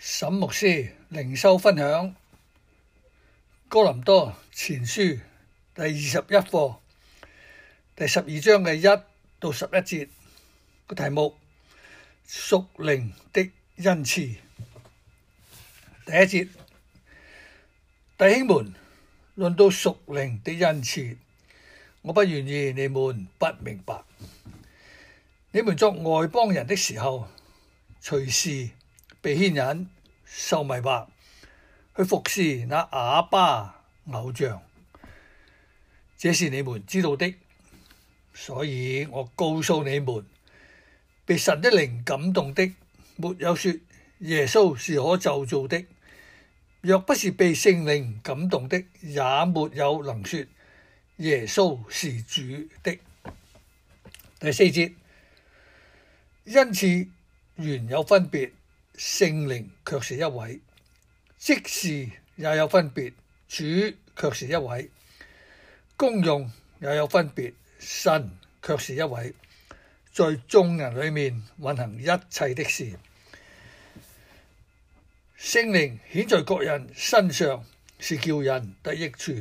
沈牧師靈修分享哥林多前書第二十一課第十二章嘅一到十一節個題目：屬靈的恩賜。第一節，弟兄們，論到屬靈的恩賜，我不願意你們不明白。你們作外邦人的時候，隨時。被牽引、受迷惑，去服侍那啞巴偶像，這是你們知道的。所以我告訴你們，被神的靈感動的，沒有説耶穌是可咒詛的；若不是被聖靈感動的，也沒有能説耶穌是主的。第四節，因此原有分別。聖靈卻是一位，職事也有分別；主卻是一位，功用也有分別；神卻是一位，在眾人裏面運行一切的事。聖靈顯在各人身上，是叫人得益處。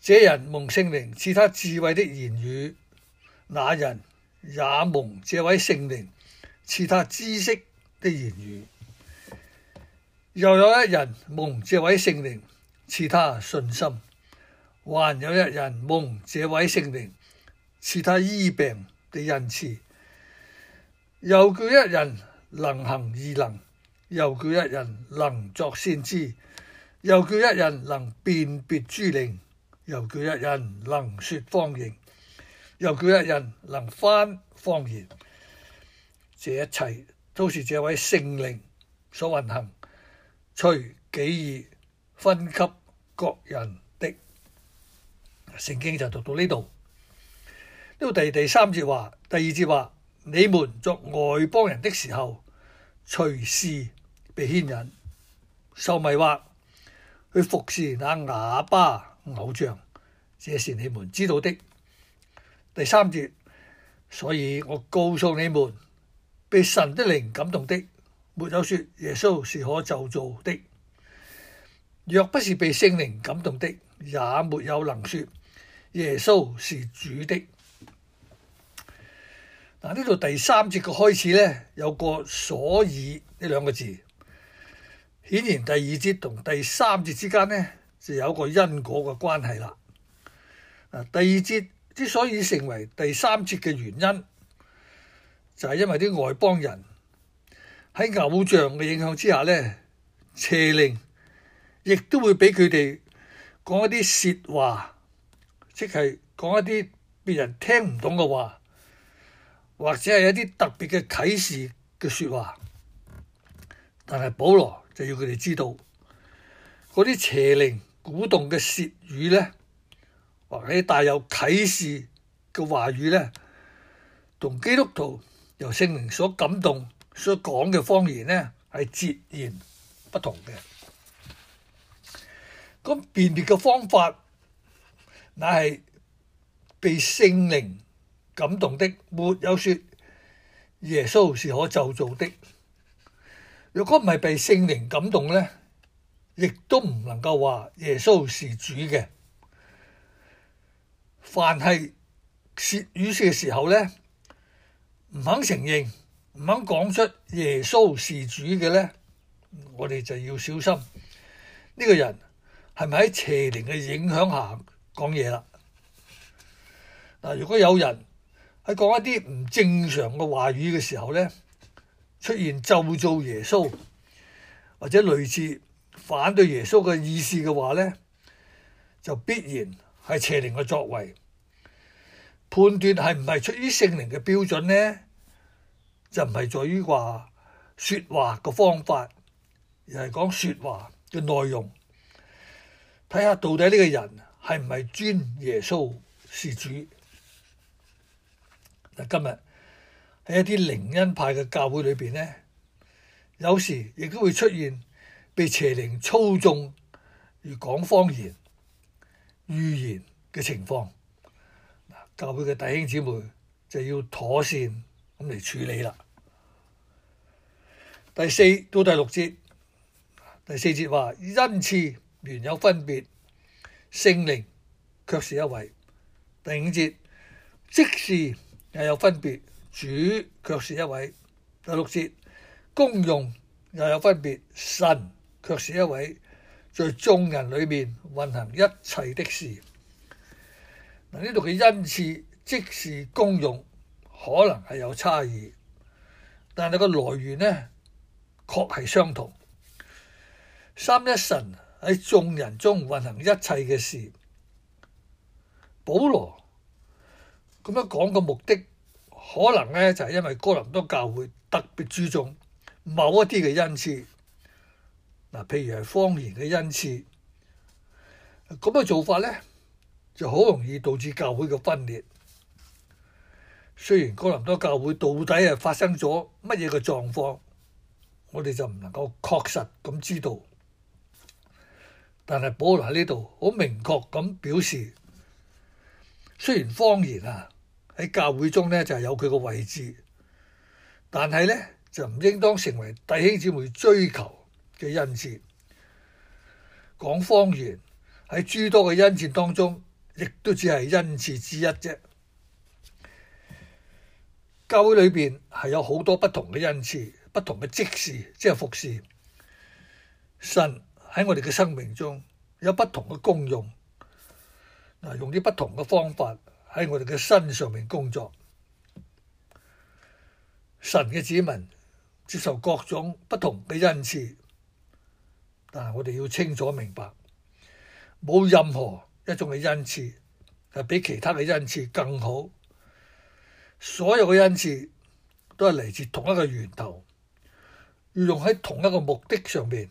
這人蒙聖靈賜他智慧的言語，那人也蒙這位聖靈賜他知識。的言語，又有一人蒙這位聖靈賜他信心；還有一人蒙這位聖靈賜他醫病的恩賜。又叫一人能行異能；又叫一人能作先知；又叫一人能辨別諸靈；又叫一人能說方言；又叫一人能翻方言。這一切。都是這位聖靈所運行，隨己意分給各人的。聖經就讀到呢度。呢度第第三節話，第二節話：你們作外邦人的時候，隨時被牽引、受迷惑，去服侍那啞巴偶像。這是你們知道的。第三節，所以我告訴你們。被神的靈感動的，沒有說耶穌是可咒詛的；若不是被聖靈感動的，也沒有能說耶穌是主的。嗱，呢度第三節嘅開始呢，有個所以呢兩個字，顯然第二節同第三節之間呢，就有個因果嘅關係啦。第二節之所以成為第三節嘅原因。就係因為啲外邦人喺偶像嘅影響之下呢，邪靈亦都會俾佢哋講一啲説話，即係講一啲別人聽唔懂嘅話，或者係一啲特別嘅啟示嘅説話。但係保羅就要佢哋知道，嗰啲邪靈鼓動嘅舌語呢，或者帶有啟示嘅話語呢，同基督徒，由聖靈所感動所講嘅方言呢，係截然不同嘅。咁辨別嘅方法，乃係被聖靈感動的，沒有説耶穌是可咒詛的。若果唔係被聖靈感動呢，亦都唔能夠話耶穌是主嘅。凡係説語説嘅時候呢，唔肯承認，唔肯講出耶穌係主嘅呢，我哋就要小心呢個人係咪喺邪靈嘅影響下講嘢啦？嗱，如果有人喺講一啲唔正常嘅話語嘅時候呢，出現咒造耶穌或者類似反對耶穌嘅意思嘅話呢，就必然係邪靈嘅作為。判斷係唔係出於聖靈嘅標準呢？就唔係在於話説話嘅方法，而係講説話嘅內容，睇下到底呢個人係唔係尊耶穌是主。嗱，今日喺一啲靈恩派嘅教會裏邊呢，有時亦都會出現被邪靈操縱而講方言、預言嘅情況。教會嘅弟兄姊妹就要妥善咁嚟處理啦。第四到第六節，第四節話：恩賜原有分別，聖靈卻是一位。第五節，職事又有分別，主卻是一位。第六節，功用又有分別，神卻是一位，在眾人裏面運行一切的事。呢度嘅恩賜即是功用，可能係有差異，但係個來源呢確係相同。三一神喺眾人中運行一切嘅事。保羅咁樣講嘅目的，可能呢就係、是、因為哥林多教會特別注重某一啲嘅恩賜，嗱，譬如係方言嘅恩賜，咁嘅做法呢。就好容易導致教會嘅分裂。雖然哥林多教會到底係發生咗乜嘢嘅狀況，我哋就唔能夠確實咁知道。但係保羅喺呢度好明確咁表示，雖然方言啊喺教會中呢就係有佢嘅位置，但係呢就唔應當成為弟兄姊妹追求嘅恩賜。講方言喺諸多嘅恩賜當中。亦都只係恩賜之一啫。教會裏邊係有好多不同嘅恩賜，不同嘅職事，即係服侍神喺我哋嘅生命中有不同嘅功用，嗱，用啲不同嘅方法喺我哋嘅身上面工作。神嘅子民接受各種不同嘅恩賜，但係我哋要清楚明白，冇任何一種嘅恩賜係比其他嘅恩賜更好，所有嘅恩賜都係嚟自同一個源頭，用喺同一個目的上邊，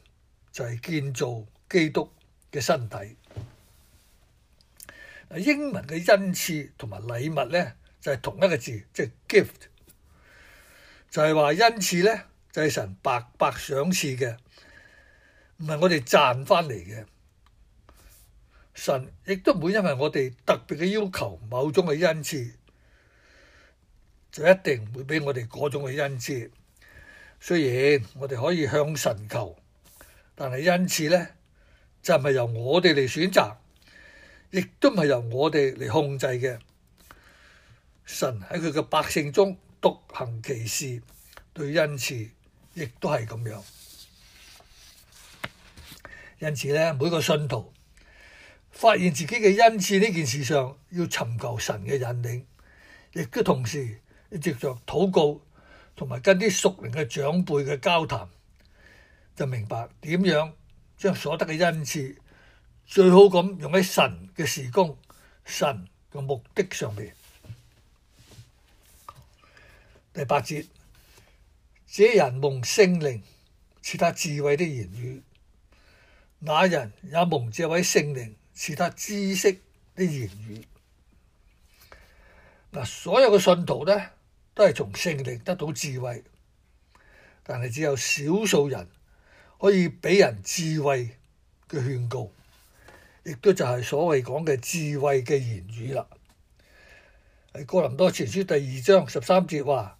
就係、是、建造基督嘅身體。英文嘅恩賜同埋禮物呢，就係、是、同一個字，即係 gift，就係、是、話、就是、恩賜呢就係、是、神白白賞賜嘅，唔係我哋賺翻嚟嘅。神亦都唔會因為我哋特別嘅要求某種嘅恩賜，就一定唔會俾我哋嗰種嘅恩賜。雖然我哋可以向神求，但係恩賜呢，就唔係由我哋嚟選擇，亦都唔係由我哋嚟控制嘅。神喺佢嘅百姓中獨行其事，對恩賜亦都係咁樣。因此呢，每個信徒，發現自己嘅恩賜呢件事上，要尋求神嘅引領，亦都同時藉著禱告同埋跟啲屬靈嘅長輩嘅交談，就明白點樣將所得嘅恩賜最好咁用喺神嘅事工、神嘅目的上面。第八節，這人蒙聖靈，賜他智慧的言語；那人也蒙這位聖靈。其他知識啲言語嗱，所有嘅信徒呢，都係從聖靈得到智慧，但係只有少數人可以俾人智慧嘅勸告，亦都就係所謂講嘅智慧嘅言語啦。喺哥林多前書第二章十三節話：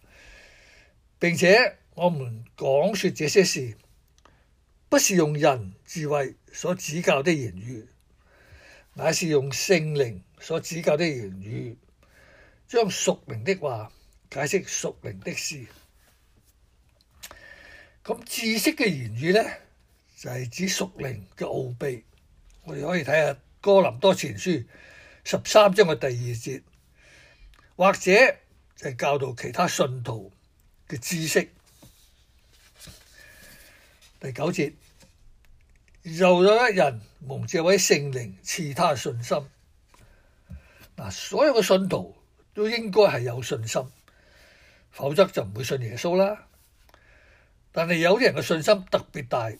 並且我們講説這些事，不是用人智慧所指教的言語。乃是用聖靈所指教的言語，將屬靈的話解釋屬靈的事。咁知識嘅言語呢，就係指屬靈嘅奧秘。我哋可以睇下哥林多前書十三章嘅第二節，或者就係教導其他信徒嘅知識。第九節。又有一人蒙這位聖靈賜他信心。嗱，所有嘅信徒都應該係有信心，否則就唔會信耶穌啦。但係有啲人嘅信心特別大，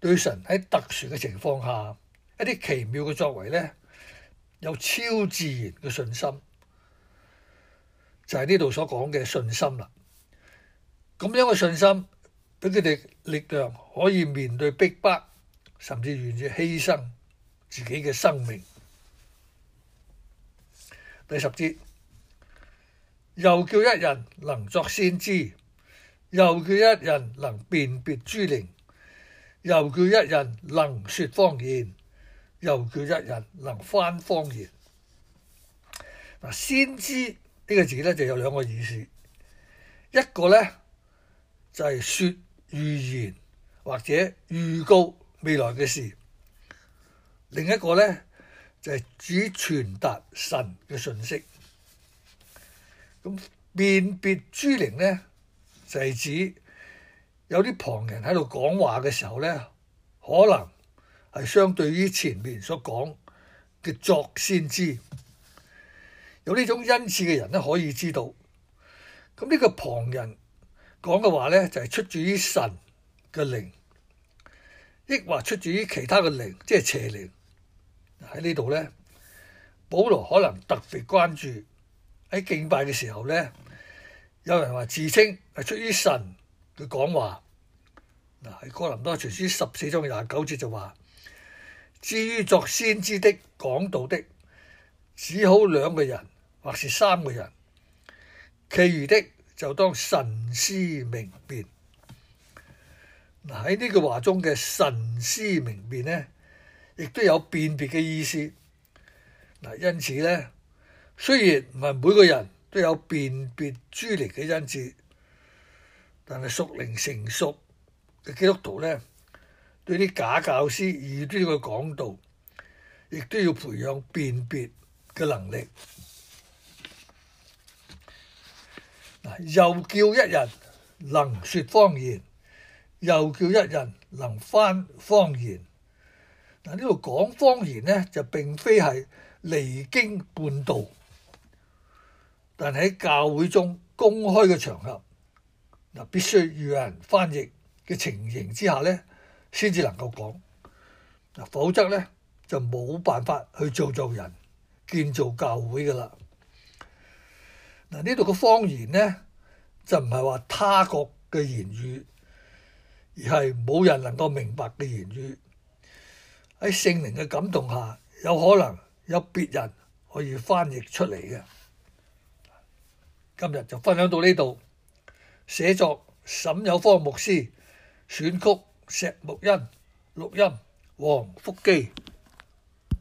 對神喺特殊嘅情況下，一啲奇妙嘅作為呢，有超自然嘅信心，就係呢度所講嘅信心啦。咁樣嘅信心俾佢哋力量，可以面對逼迫。甚至願意犧牲自己嘅生命。第十節，又叫一人能作先知，又叫一人能辨別諸靈，又叫一人能説方言，又叫一人能翻方言。嗱，先知呢、這個字咧就有兩個意思，一個咧就係、是、説預言或者預告未來嘅事，另一個咧就係指傳達神嘅信息。咁辨別諸靈咧就係指有啲旁人喺度講話嘅時候咧，可能係相對於前面所講嘅作先知，有呢種恩賜嘅人咧可以知道。咁呢個旁人講嘅話咧就係出自於神嘅靈。抑或出自於其他嘅靈，即係邪靈。喺呢度咧，保羅可能特別關注喺敬拜嘅時候咧，有人話自稱係出於神佢講話。嗱喺哥林多前書十四章廿九節就話：至於作先知的講道的，只好兩個人或是三個人，其餘的就當慎思明辨。嗱喺呢句話中嘅慎思明辨呢，亦都有辨別嘅意思。嗱，因此呢，雖然唔係每個人都有辨別諸靈嘅恩賜，但係屬靈成熟嘅基督徒呢，對啲假教師異端嘅講道，亦都要培養辨別嘅能力。嗱，又叫一人能說方言。又叫一人能翻方言嗱，言呢度講方言咧，就並非係離經叛道，但係喺教會中公開嘅場合嗱，必須要有人翻譯嘅情形之下咧，先至能夠講嗱，否則咧就冇辦法去做做人建造教會噶啦嗱。呢度嘅方言咧就唔係話他國嘅言語，而係冇人能夠明白嘅言語，喺聖靈嘅感動下，有可能有別人可以翻譯出嚟嘅。今日就分享到呢度。寫作沈有方牧師，選曲石木恩，錄音黃福基。